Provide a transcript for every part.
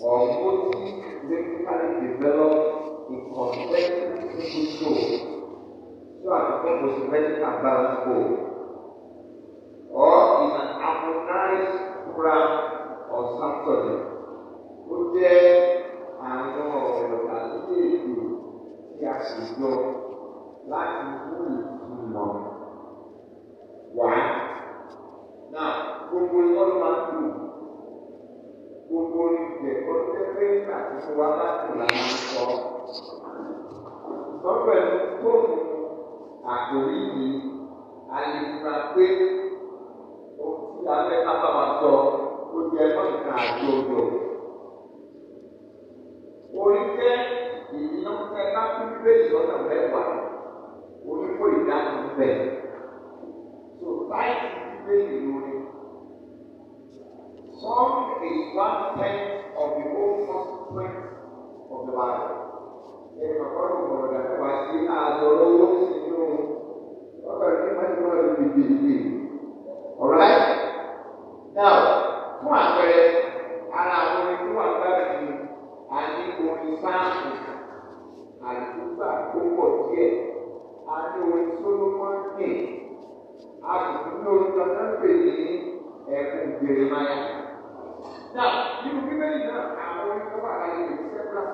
or would basically develop a complex single soul so as to form a symmetric and or in an harmonized program or sanctuary. Ó jẹ́ àwọn ọ̀rọ̀ tàbí èdè tí a sì yọ láti mú ìtumọ̀ wá. Now, gbogbo ìwọ́n máa ń dùn gbogbo ibẹ̀ ó jẹ́ pé nígbà tí mo wá láti là ń sọ. Ìtọ́jú ẹni tó mú àkòrí yìí, a lè fura pé ohun tí alẹ́ kápá máa sọ ó jẹ́ lọ́ọ̀kan àti odò. Orí jẹ́ ìdíná ẹ bá kú nílé ìsọ̀nà mẹ́wàá, orí kò ìdáhùn bẹ̀. Sọ báyìí ìlú orin. Song is one tenth of the whole constituent of the Bible.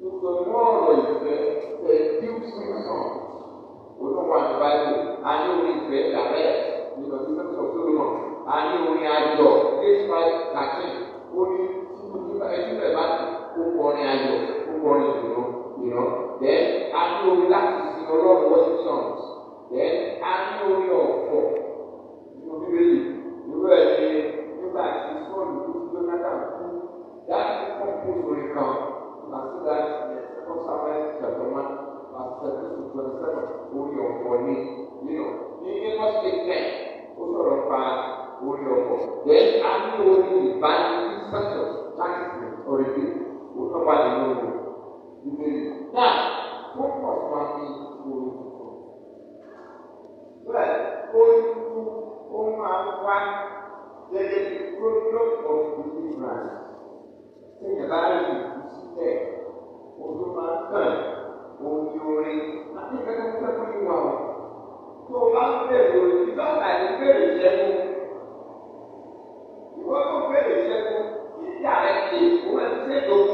gbogbo mú ọ̀rọ̀ ìfẹ́ ẹ̀dí sísan olúwa ní báyìí a ní orin ìfẹ́ dàrẹ́ nínú ọdún mẹ́tọ̀ tó lọ a ní orin ayọ̀ eight five thirteen ó ní ẹtí bẹ̀rẹ̀ bá ó kọrin ayọ̀ ó kọrin ìdùnnú ìrọ̀ then a ní orin láti sin ọlọ́run worship songs then a ní orin ọ̀fọ̀ nínú bíbélì. orí yíyan ní nípa statement ó sọ̀rọ̀ nípa orí ọkọ̀ then a ní orí ìbánidí sẹ́tọ̀ láti fi ọ̀rẹ́ bí ó tọ́pa nínú ìwé yìí. Now, focus ma fi orí ọkọ̀. Well, orí tó ó máa ń wá gẹ́gẹ́ bí product of deliverance. Téèyàn bá rí ìdúsílẹ̀ ojú máa ń kàn orí orin àti ìfẹ́ tó ń fẹ́ fún ìwà ọ̀hún. Ìwọ́n tó bẹ̀rẹ̀ ìṣẹ́gun, ìdí àrẹ̀ kì í fún ẹ ṣẹ́gun.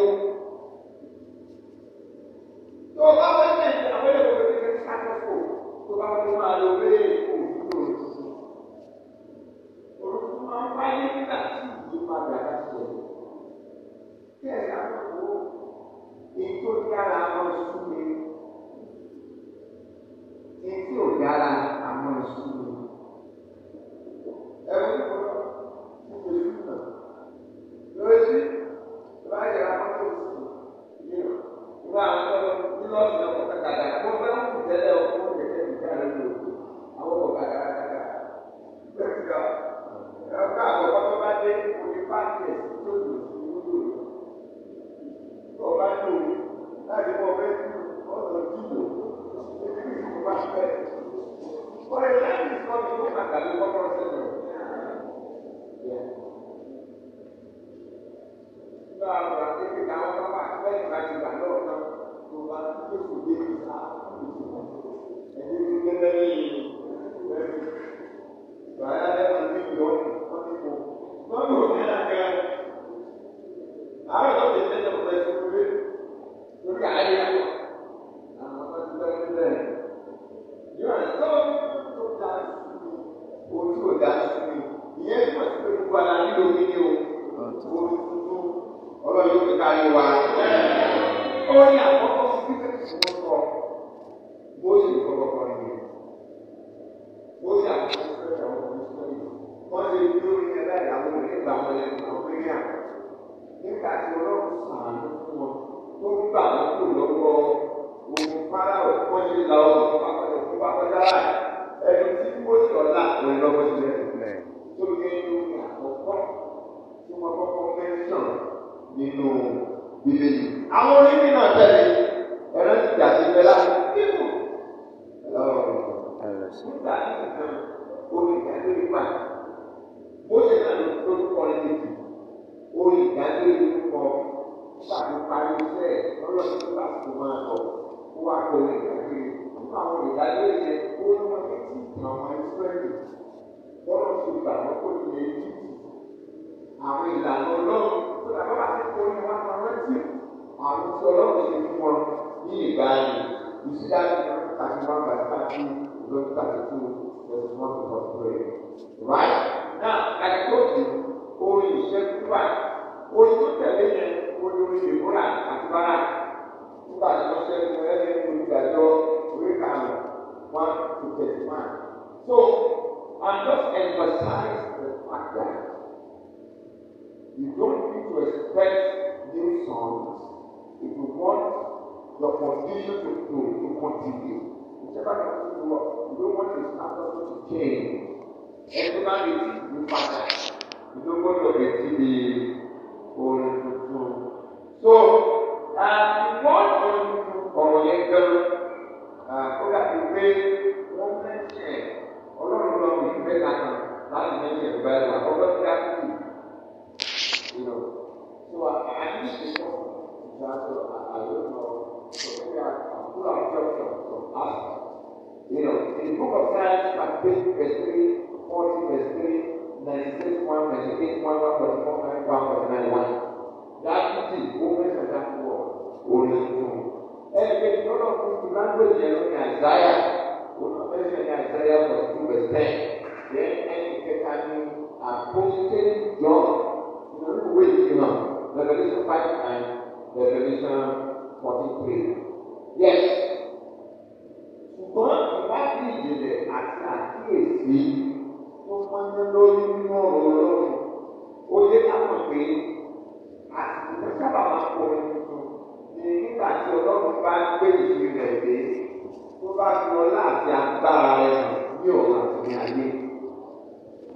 ìgbàgbọ́ kò ní lè jù àwọn ìlànà ọlọ́run tó dàgbà bá ti kórè wá máa rántí àwọn tí ọlọ́run ṣe fún wọn ní ìgbàanì ìṣídájú tàbí wọn gbà tàbí olórí tàbí tó lọ́sí wọn tó lọ sí rẹ̀. right now like i told you orin ìṣẹ́jú wà orin tó tẹ̀lé yẹn orin ìbúra àti bára nígbà tí wọ́n ṣe fún ẹgbẹ́ olùgbàjọ orí kàánù one to thirty one. so And just emphasize the fact that you don't need to expect new songs if you want your condition to, to, to continue. Whichever comes to you don't want your status to change. Everybody is new pattern. You don't want your identity orin tuntun. So, uh, you want to tuntun ọ̀rọ̀ yẹn pè yẹn ní àìsáyà onífẹsẹ̀ ní àìsáyà for two percent yẹn ẹni kẹta ní àpòsíkẹ́ john nínú ìwé ìfihàn revolution five and revolution forty three yes ṣùgbọ́n ìwádìí ìjìnlẹ̀ àti àkíyèsí tó máa ń lórí nínú ọ̀rọ̀ ọlọ́run ó yẹ ká mọ̀ pé àsìkò sábà máa ń kọrin ni nígbà tí ọlọ́run bá gbé ìlú rẹ̀ dé tó bá fi ọlá àti agbára rẹ̀ ní ọ̀la ní ayé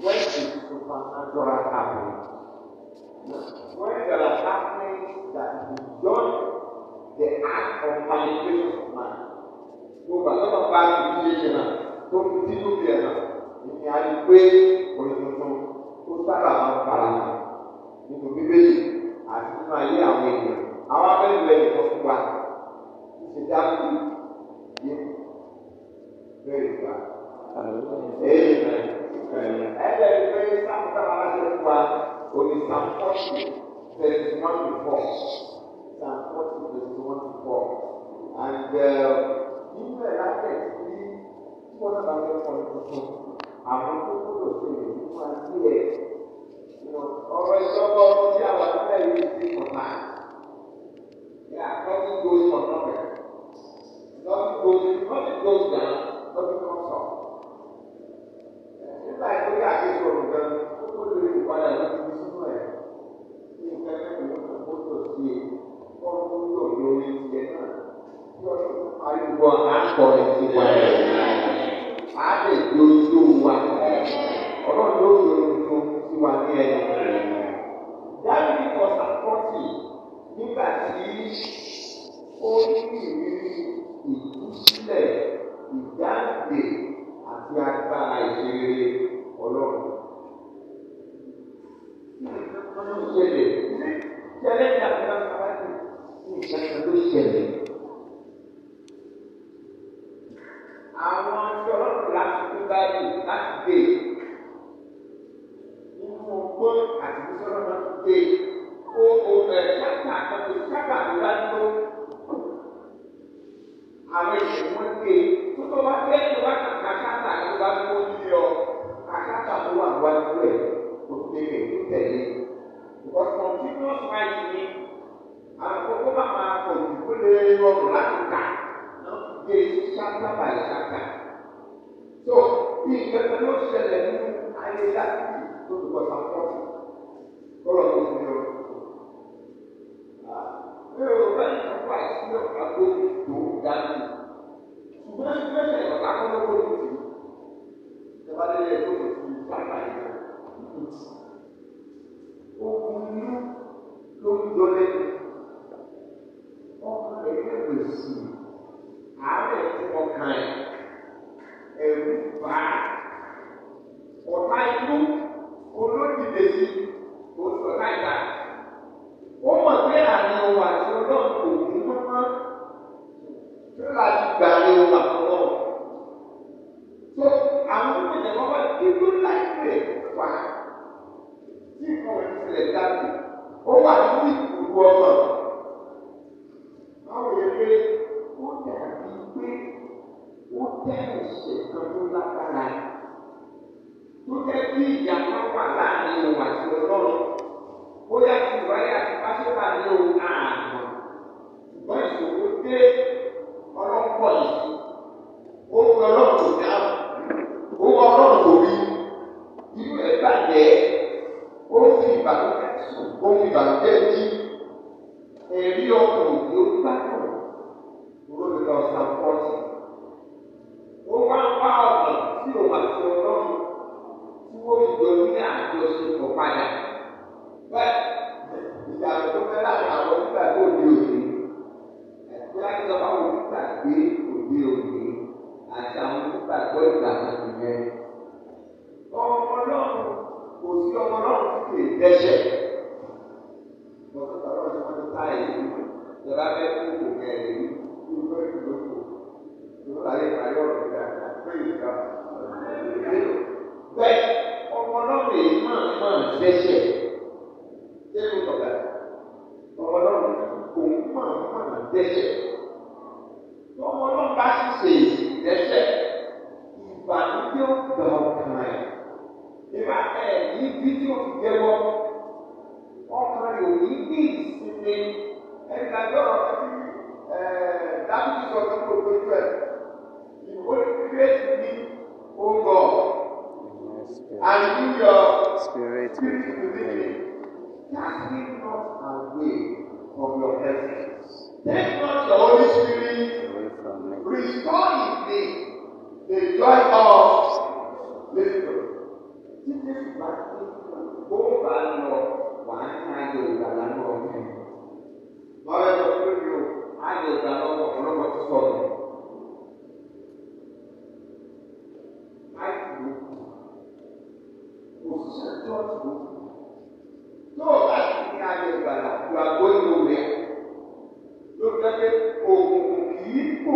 wọ́n ti tuntun adọ́ra àbò wọ́n ń dara sáfẹ́ that is done the act of manipulation of man gbogbo àtọ́nà bá ti ṣe ṣe náà tó fi dídú bí ẹ̀ náà ìní ayé pé òyìnbó tó sábà máa ń fara hàn nínú bíbélì àti nínú ayé àwọn ènìyàn àwọn abẹ́lẹ̀ rẹ̀ nìkan fún wa ṣe dábìlì yé bẹ́ẹ̀ wá. ẹ̀ẹ́dẹ̀ rí pé sáàmù táwọn aláṣẹ fún wa òní sáàmù fọ́ọ̀tì twenty one to four sáàmù twenty one to four and uh, nínú ẹ̀ láti ẹ̀ sí tí wọ́n náà bá fẹ́ kọ́ ní tuntun àwọn tó gbọ́dọ̀ ṣe lè ní wọn sí ẹ̀ ọ̀rọ̀ ìjọba ọdún tí àwọn àti bẹ́ẹ̀ yìí ti kọ̀ náà. Yeah, nothing goes for nothing. Nothing goes, nothing goes down, nothing comes up. Nígbà tó yà kí sọ̀rọ̀ gan, ó lórí ìpadà láti fi sínú ẹ̀. Ní nǹkan mẹ́rin ló kàn kó tọ̀ sí e, wọ́n tó ń lò ní orí tiẹ̀ náà. Bí ọdún tó parí gbọ́, à ń kọ ẹ̀ sí wa. À á lè gbé ojú wa. Ọlọ́run ló fi ojú sí wa ní ẹ̀yìn. Dábìlì kọ̀ọ̀sà pọ́tì nígbà tí ó ní ìrírí ìtúsílẹ̀ ìdáǹdè àti agbára ìṣeré ọlọ́run. ìṣẹ̀lẹ̀ ìṣẹ̀lẹ̀ ní àgbà sáwájú ní ìṣẹ̀lẹ̀ ló ṣẹlẹ̀. àwọn tí ọlọ́run láti kú báyìí láti dé nínú ọgbọ́n àti bí sọ́dọ̀ dé o o ẹ kápá àti kápá àdúrà tó àwọn èèyàn wọn ké tó tó bá fẹ́ tó bá kàkà kápá àti bá tó ń yí ọ kàkà tó wà wájú ẹ o tẹ̀lé o tẹ̀lé ọ̀sán tí wọ́n fa yìí ni àkókò bá máa pọ̀ jù kó lè rọrùn láti ló ṣẹlẹ̀ nínú ayé láti tó lùkọ̀ sàkóso. wà á lọ wà á máa yọ ìgbàlá lọ́wọ́ mi. Bọ́lá o, á yọ ìgbàlá lọ́wọ́ ọ̀pọ̀lọpọ̀ tó sọ mi. Báyìí ló kù, òṣìṣẹ́ chọ́ọ̀tì ló kù. Tó o bá sì ní ayọ ìgbàlá, ìwà gbóyè òwe. Ló jẹ́ kì í kù.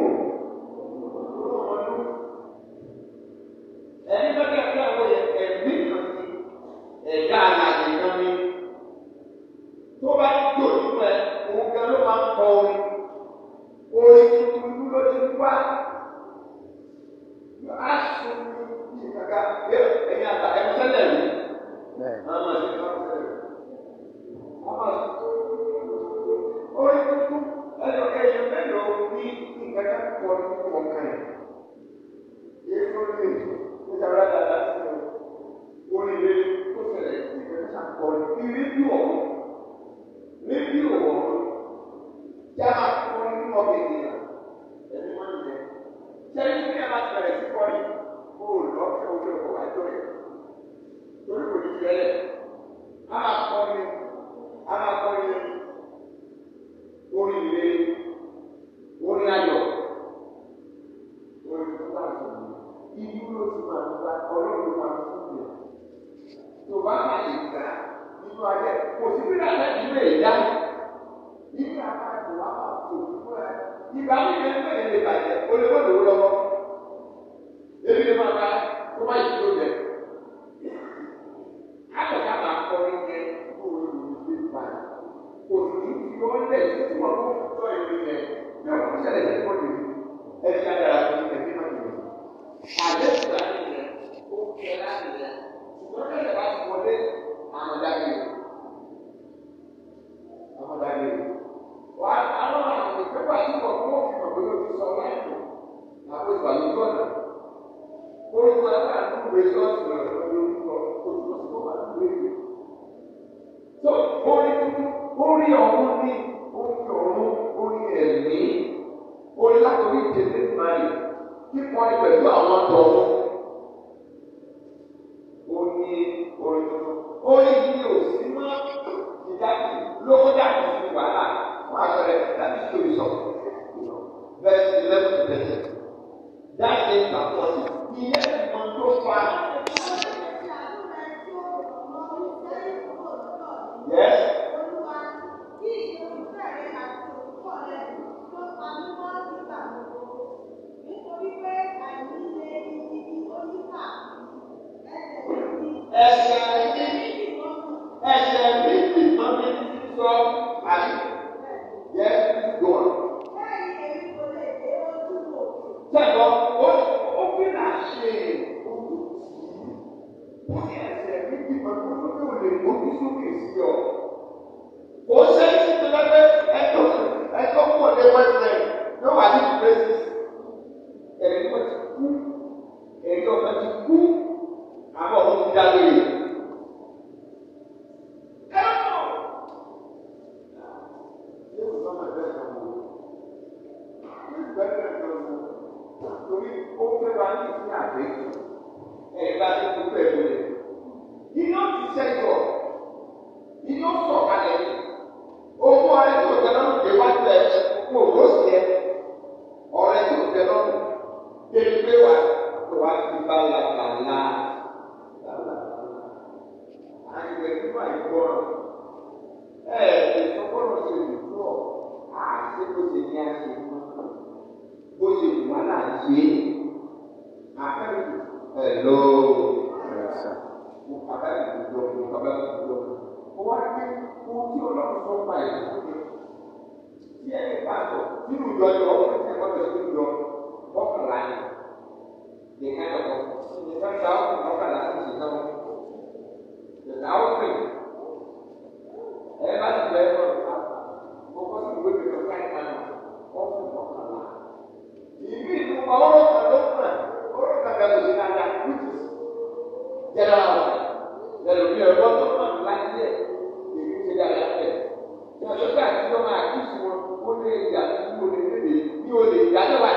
ìgbà mi lè gbé lè bàjẹ́ o lè wọ́n lò ó lọ́wọ́ ebi lè máa ka kó má yí tó jẹ. Àgbàdá máa kọ́ ní kẹ́ kó o lò ó lè bá a. Kò sí ti ọ́ lẹ̀ tí wọ́n kó tọ́ ìwé yẹn yóò kó ṣẹlẹ̀ sí ìwọ́n lè rí. Ẹ̀sìn àdàlà tó ti lè Àdéhùn 非常高兴，你们。kí o lè dájọ́ wa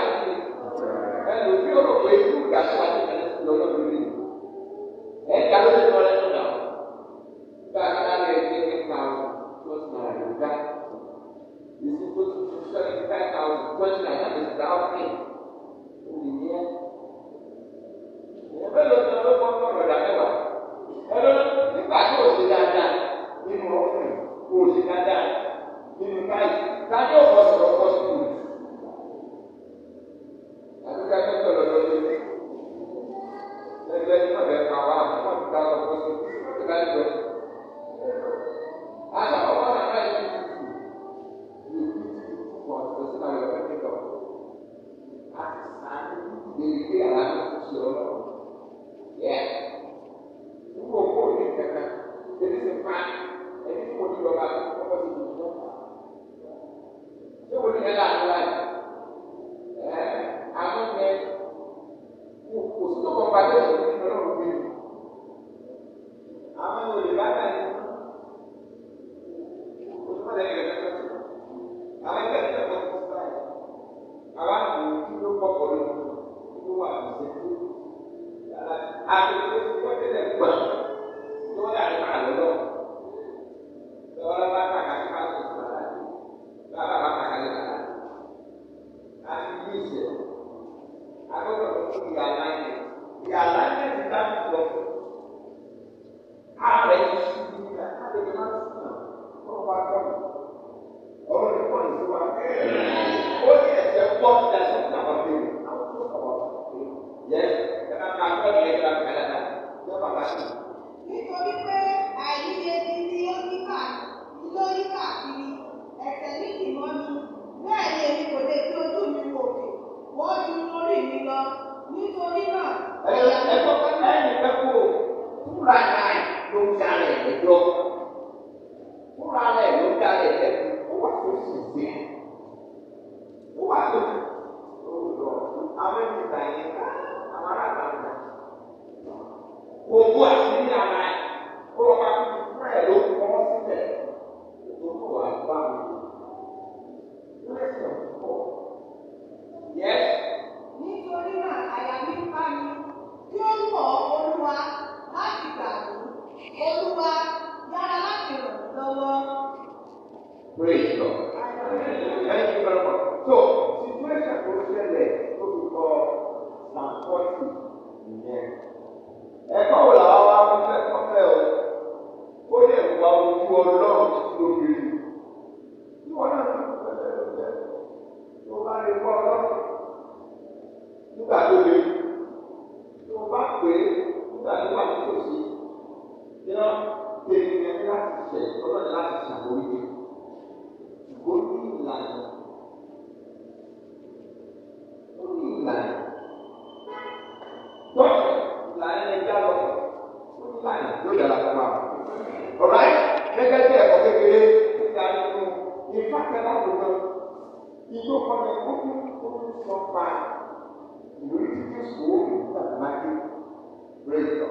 this is kọ́ni kókó kókó sọ́pà ìlú ìtìjú sòwò ìgbàgbọ́n máa dé rẹ̀ lọ.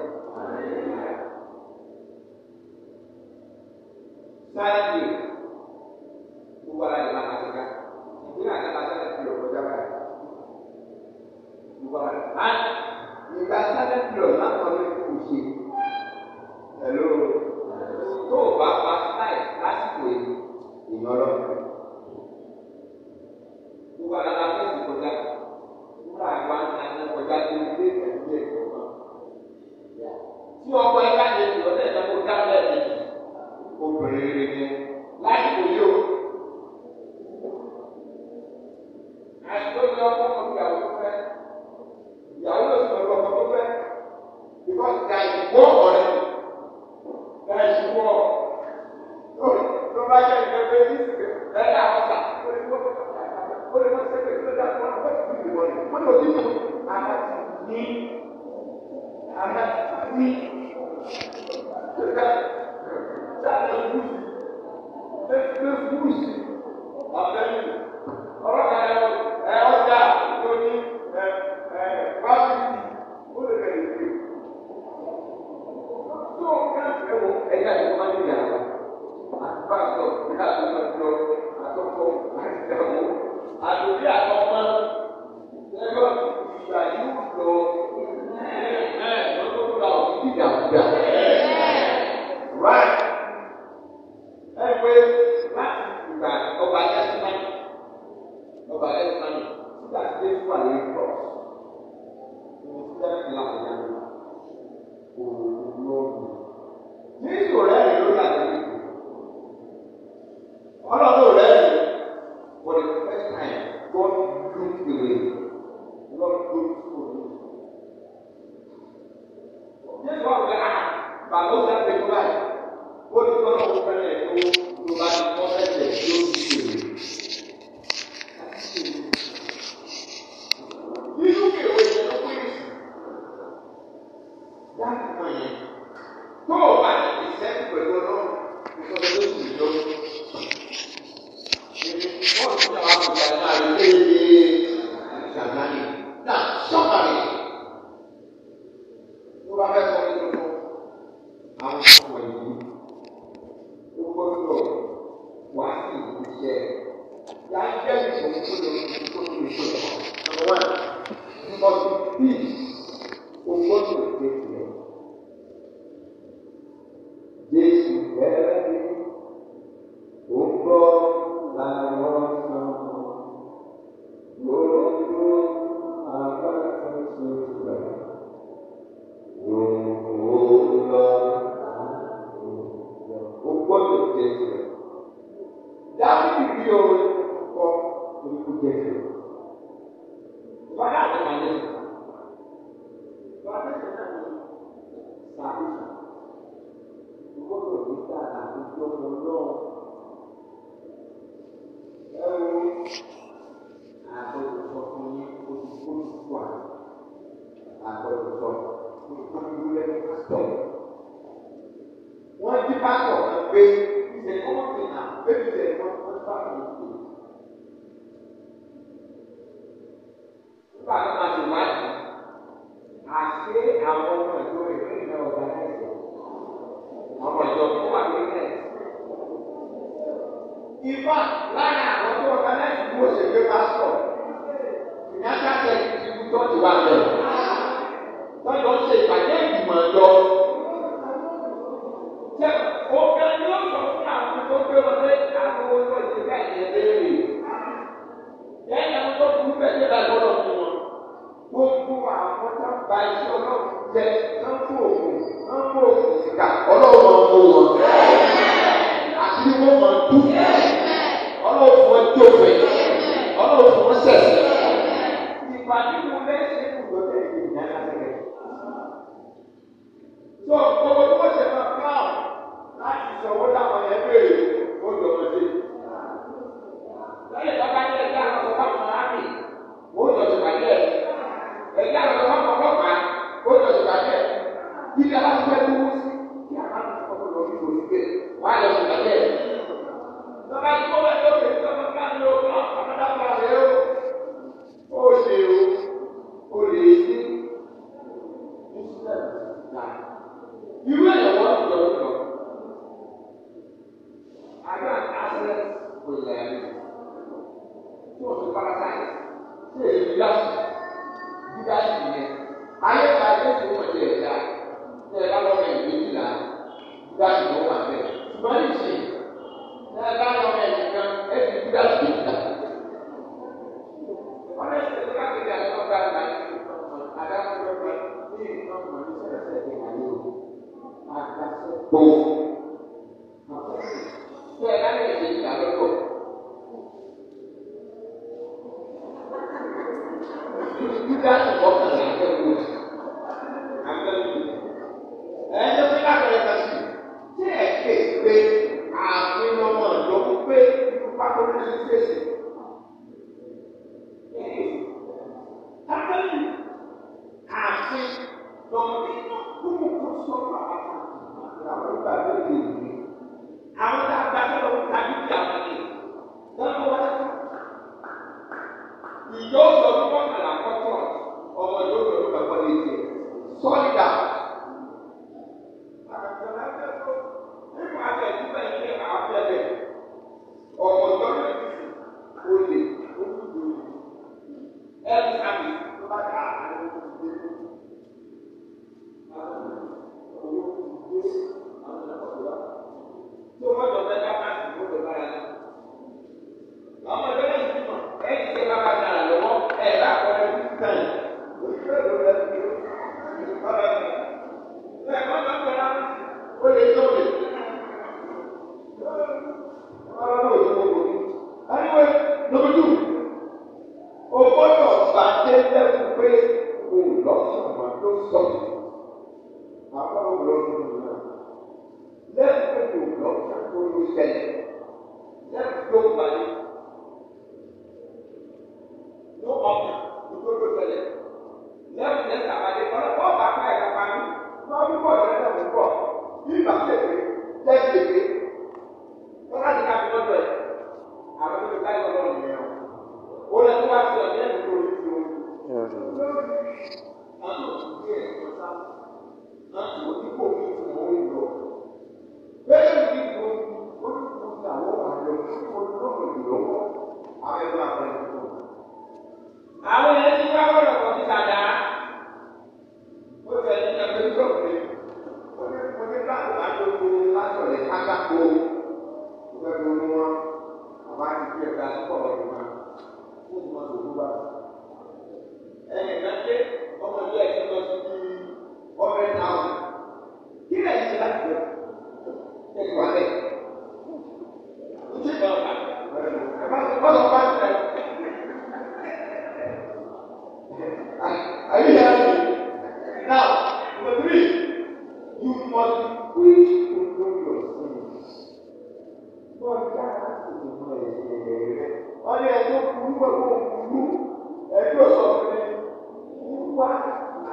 Senhor.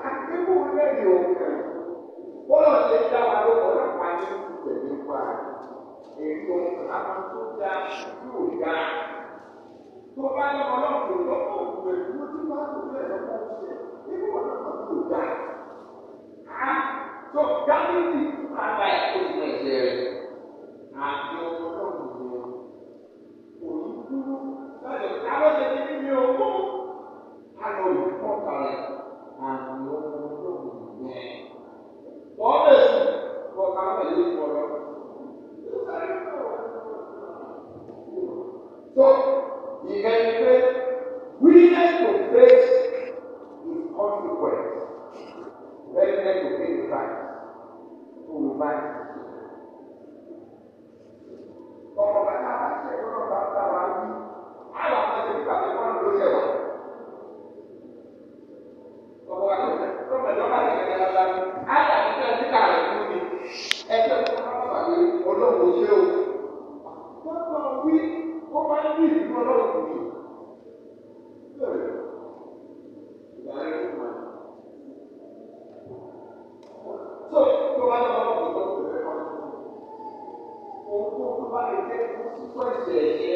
akíkú léde òkè bọ́lá ṣe dá wa lọ́wọ́ lápá ní ìgbẹ́ nípa ètò àwọn yóò dá tó bá ní ọlọ́pàá lọ́pọ̀ òkè tó ti máa tó bẹ́ẹ̀ lọ́pọ̀ òkè nínú ọlọ́pàá tó dá a tó dábìlì bàbá ẹ̀ tó ti rẹ̀ àti ọmọ náà nìyẹn òní dúró lọ́dọ̀ táwọn ṣe. ọlọ́run kò ṣe o pápá wí ó máa ń ní ìlú ọlọ́run kò ní. bẹ́ẹ̀ ìgbà rẹ̀ kò máa. tó tó bá lọ́wọ́ kò tó kò fẹ́ máa. òun tó bá lè jẹ́ kó sísọ ìṣẹ̀lẹ̀